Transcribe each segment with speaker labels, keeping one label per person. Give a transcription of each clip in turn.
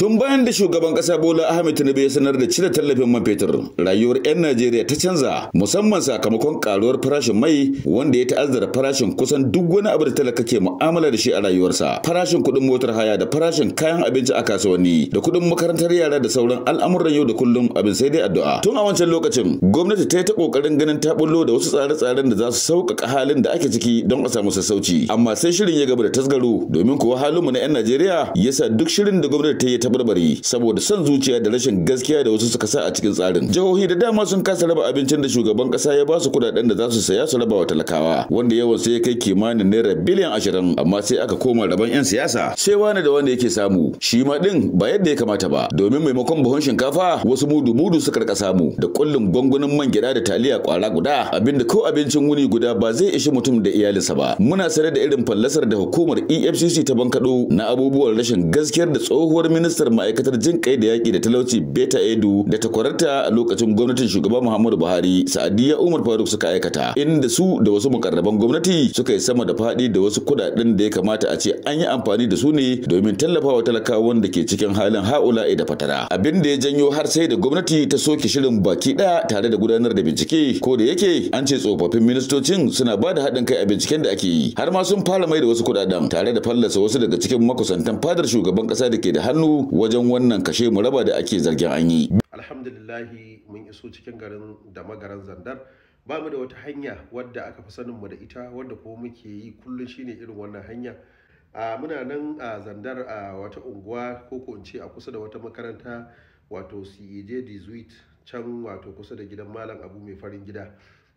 Speaker 1: Tun bayan da shugaban kasa Bola Ahmed Tinubu ya sanar da cire tallafin man fetur, rayuwar 'yan Najeriya ta canza musamman sakamakon karuwar farashin mai wanda ya ta'azzara farashin kusan duk wani abu da talaka ke mu'amala da shi a rayuwarsa. Farashin kuɗin motar haya da farashin kayan abinci a kasuwanni da kuɗin makarantar yara da sauran al'amuran yau da kullum abin sai dai addu'a. Tun a wancan lokacin gwamnati ta yi ta kokarin ganin ta bullo da wasu tsare-tsaren da za su sauƙaƙa halin da ake ciki don a samu sassauci. Amma sai shirin ya gaba da tasgaro domin kuwa halinmu na 'yan Najeriya sa duk shirin da gwamnati ta yi ta tabarbare saboda son zuciya da rashin gaskiya da wasu suka sa a cikin tsarin jihohi da dama sun kasa raba abincin da shugaban kasa ya ba su kudaden da za su saya su raba wa talakawa wanda yawan sai ya kai kimanin naira biliyan ashirin amma sai aka koma raban yan siyasa sai wani da wanda yake samu shi ma din ba yadda ya kamata ba domin maimakon buhun shinkafa wasu mudu mudu suka rika samu da kullum gwangwanin man gida da taliya kwara guda abinda ko abincin wuni guda ba zai ishi mutum da iyalinsa ba muna sare da irin fallasar da hukumar EFCC ta bankado na abubuwan rashin gaskiyar da tsohuwar minista majalisar ma'aikatar jin kai da yaƙi da talauci beta edu da takwararta a lokacin gwamnatin shugaban muhammadu buhari sa'adiyya umar faruk suka aikata inda su da wasu mukarraban gwamnati suka yi sama da faɗi da wasu kuɗaɗen da ya kamata a ce an yi amfani da su ne domin tallafa wa talakawan da ke cikin halin ha'ula da fatara abin da ya janyo har sai da gwamnati ta soke shirin baki ɗaya tare da gudanar da bincike ko da yake an ce tsofaffin ministocin suna ba da haɗin kai a binciken da ake yi har ma sun fara mai da wasu kuɗaɗen tare da fallasa wasu daga cikin makusantan fadar shugaban ƙasa da ke da hannu wajen wannan kashe mu raba da ake zargin an yi
Speaker 2: alhamdulillahi mun iso cikin garin da magaran zandar ba mu da wata hanya wadda aka fi sanin mu da ita wadda kuma muke yi kullum shine irin wannan hanya a muna nan a zandar a wata unguwa ko ko in ce a kusa da wata makaranta wato CEJ can wato kusa da gidan malam Abu mai farin gida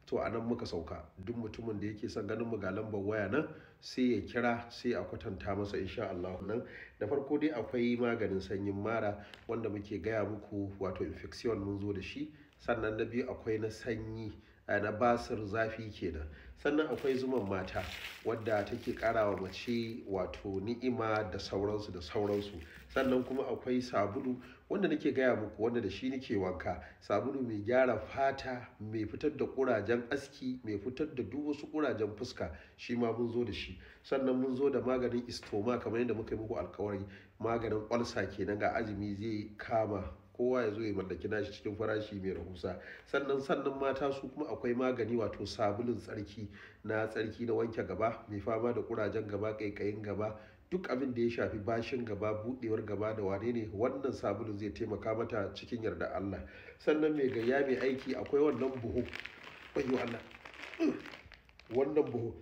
Speaker 2: to a nan muka sauka duk mutumin da yake son ganin mu ga lambar waya nan sai ya kira sai a kwatanta masa insha Allah nan da farko dai akwai maganin sanyin mara wanda muke gaya muku wato infection mun zo da shi sannan na biyu akwai na sanyi eh, na basir zafi kenan sannan akwai zuman mata wadda take karawa mace wato ni'ima da sauransu da sauransu sannan kuma akwai sabulu wanda nake gaya muku wanda da shi nake wanka sabulu mai gyara fata mai fitar da kurajen aski mai fitar da duk wasu kurajen fuska shi ma mun zo da shi sannan mun zo da maganin istoma kamar yadda muka yi muku alkawari maganin kwalsa kenan ga azumi zai kama kowa ya zo ya mallaki nashi cikin farashi mai rahusa sannan sannan mata su kuma akwai magani wato sabulun tsarki na tsarki na wanke gaba mai fama da kurajen gaba kaikayin gaba duk abin da ya shafi bashin gaba buɗewar gaba da wane ne wannan sabulu zai taimaka mata cikin yarda Allah sannan mai gayya mai aiki akwai wannan buhu bayu Allah mm. wannan buhu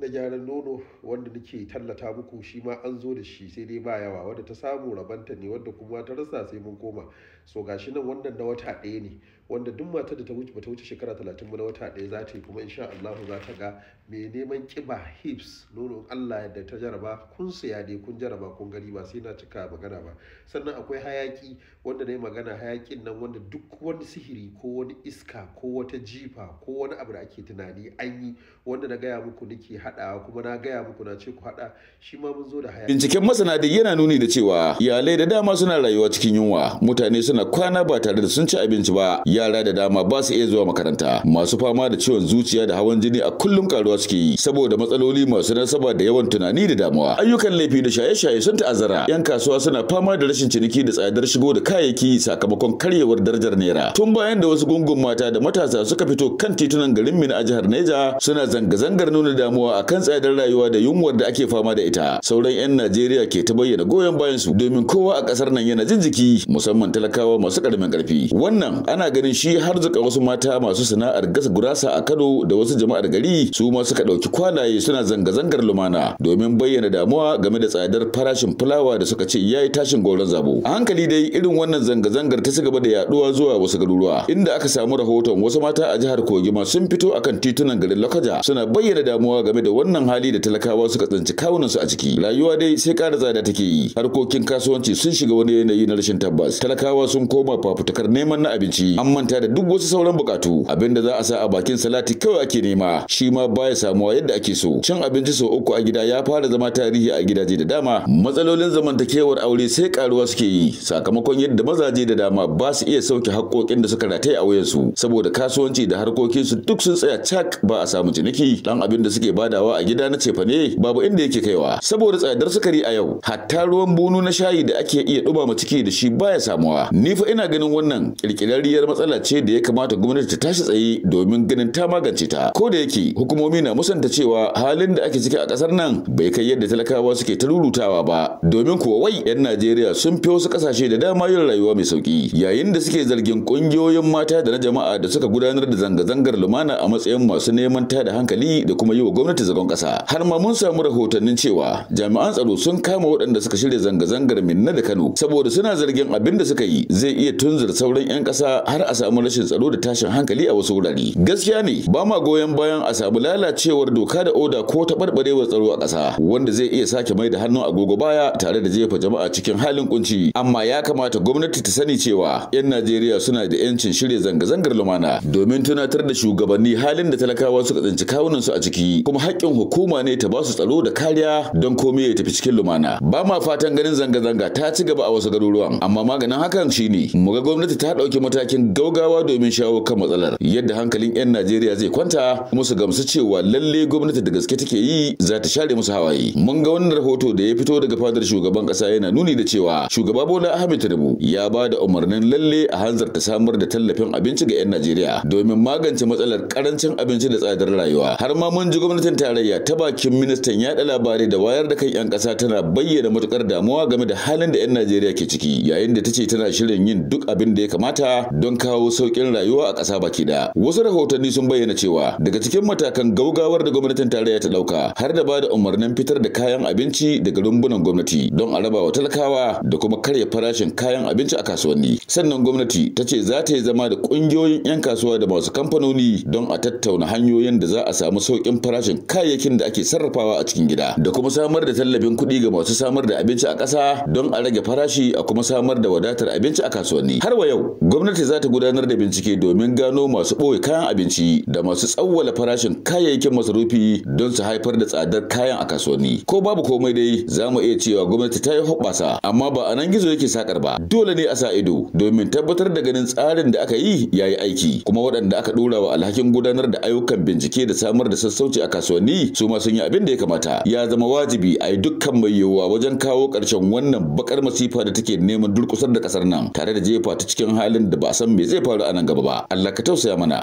Speaker 2: na gyaran nono wanda nake tallata muku shi ma an zo da shi sai dai ba yawa wadda ta samu rabanta ne wadda kuma ta rasa sai mun koma so gashi nan wannan na wata daya ne wanda duk matar da ta wuce bata wuce shekara talatin ba na wata ɗaya za ta yi kuma insha Allah za ta ga mai neman kiba hips nono Allah da ta jaraba kun siya dai kun jaraba kun gani ba sai na cika magana ba sannan akwai hayaki wanda na yi magana hayakin nan wanda duk wani sihiri ko wani iska ko wata jifa ko wani abu da ake tunani an yi wanda na gaya muku nake haɗawa kuma na gaya muku na ce ku haɗa shi ma mun zo da hayaki. Binciken masana
Speaker 1: da yana nuni da cewa iyalai da dama suna rayuwa cikin yunwa mutane su suna kwana ba tare da sun ci abinci ba yara da dama ba su iya zuwa makaranta masu fama da ciwon zuciya da hawan jini a kullum karuwa suke yi saboda matsaloli masu nasaba da yawan tunani da damuwa ayyukan laifi da shaye-shaye sun ta'azzara yan kasuwa suna fama da rashin ciniki da tsadar shigo da kayayyaki sakamakon karyewar darajar naira tun bayan da wasu gungun mata da matasa suka fito kan titunan garin Mina a jihar Neja suna zanga-zangar nuna damuwa a kan tsadar rayuwa da yunwar da ake fama da ita sauran yan Najeriya ke ta bayyana goyon bayan su domin kowa a kasar nan yana jin jiki musamman talaka talakawa masu karamin karfi wannan ana ganin shi har zuka wasu mata masu sana'ar gasa gurasa a Kano da wasu jama'ar gari su ma suka dauki kwalaye suna zanga-zangar lumana domin bayyana damuwa game da tsadar farashin fulawa da suka ce yayi tashin goron zabo a hankali dai irin wannan zanga-zangar ta cigaba da yaduwa zuwa wasu garuruwa inda aka samu rahoton wasu mata a jihar Kogi ma sun fito akan titunan garin Lokaja suna bayyana damuwa game da wannan hali da talakawa suka tsinci kawunan su a ciki rayuwa dai sai ƙara tsada take yi harkokin kasuwanci sun shiga wani yanayi na rashin tabbas talakawa sun koma fafutukar neman na abinci an manta da duk wasu sauran bukatu abinda za a sa a bakin salati kawai ake nema shi ma baya samuwa yadda ake so cin abinci sau uku a gida ya fara zama tarihi a gidaje da dama matsalolin zamantakewar aure sai karuwa suke yi sakamakon yadda mazaje da dama ba su iya sauke haƙoƙin da suka rataye a wayansu saboda kasuwanci da harkokin su duk sun tsaya cak ba a samu ciniki dan abin da suke badawa a gida na cefa ne babu inda yake kaiwa saboda tsadar sukari a yau hatta ruwan bunu na shayi da ake iya dumama ciki da shi baya samuwa Ni fa ina ganin wannan kirkirarriyar matsala ce da ya kamata gwamnati ta tashi tsaye domin ganin ta magance ta. Ko da yake hukumomi na musanta cewa halin da ake ciki a ƙasar nan bai kai yadda talakawa suke ta rurutawa ba. Domin kuwa wai 'yan Najeriya sun fi wasu ƙasashe da dama yin rayuwa mai sauƙi. Yayin da suke zargin ƙungiyoyin mata da na jama'a da suka gudanar da zanga-zangar lumana a matsayin masu neman ta da hankali da kuma yi wa gwamnati zagon ƙasa. Har ma mun samu rahotannin cewa jami'an tsaro sun kama waɗanda suka shirya zanga-zangar Minna da Kano saboda suna zargin abin da suka yi zai iya tunzur sauran 'yan ƙasa har a samu rashin tsaro da tashin hankali a wasu wurare. Gaskiya ne ba ma goyon bayan a samu lalacewar doka da oda ko taɓarɓarewar tsaro a ƙasa wanda zai iya sake mai da hannun agogo baya tare da jefa jama'a cikin halin kunci. Amma ya kamata gwamnati ta sani cewa 'yan Najeriya suna da 'yancin shirya zanga-zangar lumana domin tunatar da shugabanni halin da talakawa suka tsinci kawunansu a ciki kuma haƙƙin hukuma ne ta ba su tsaro da kariya don komai ya tafi cikin lumana. Ba ma fatan ganin zanga-zanga ta ci gaba a wasu garuruwan amma maganin hakan shi shine mu ga gwamnati ta ɗauki matakin gaugawa domin shawo kan matsalar yadda hankalin 'yan Najeriya zai kwanta kuma su gamsu cewa lalle gwamnati da gaske take yi za ta share musu hawaye. Mun ga wannan rahoto da ya fito daga fadar shugaban Kasa yana nuni da cewa shugaba Bola Ahmed Tinubu ya ba da umarnin lalle a hanzarta samar da tallafin abinci ga 'yan Najeriya domin magance matsalar karancin abinci da tsadar rayuwa. Har ma mun ji gwamnatin tarayya ta bakin ministan yaɗa labarai da wayar da kan 'yan kasa tana bayyana matukar damuwa game da halin da 'yan Najeriya ke ciki yayin da ta tana shirin shirin yin duk abin da ya kamata don kawo sauƙin rayuwa a ƙasa baki ɗaya. Wasu rahotanni sun bayyana cewa daga cikin matakan gaugawar da gwamnatin tarayya ta ɗauka har da ba da umarnin fitar da kayan abinci daga rumbunan gwamnati don a raba wa talakawa da kuma karya farashin kayan abinci a kasuwanni. Sannan gwamnati ta ce za ta yi zama da ƙungiyoyin 'yan kasuwa da masu kamfanoni don a tattauna hanyoyin da za a samu sauƙin farashin kayayyakin da ake sarrafawa a cikin gida da kuma samar da tallafin kuɗi ga masu samar da abinci a ƙasa don a rage farashi a kuma samar da wadatar abinci abinci a kasuwanni har wa yau gwamnati za ta gudanar da bincike domin gano masu ɓoye kayan abinci da masu tsawwala farashin kayayyakin masarufi don su haifar da tsadar kayan a kasuwanni ko babu komai dai za mu iya cewa gwamnati ta yi hoɓɓasa amma ba a nan gizo yake sakar ba dole ne a sa ido domin tabbatar da ganin tsarin da aka yi ya yi aiki kuma waɗanda aka ɗora wa alhakin gudanar da ayyukan bincike da samar da sassauci a kasuwanni su ma sun yi abin da ya kamata ya zama wajibi a yi dukkan mai yiwuwa wajen kawo ƙarshen wannan bakar masifa da take neman durƙusar da ƙasar nan nan tare da jefa ta cikin halin da ba san me zai faru a nan gaba ba Allah ka tausaya mana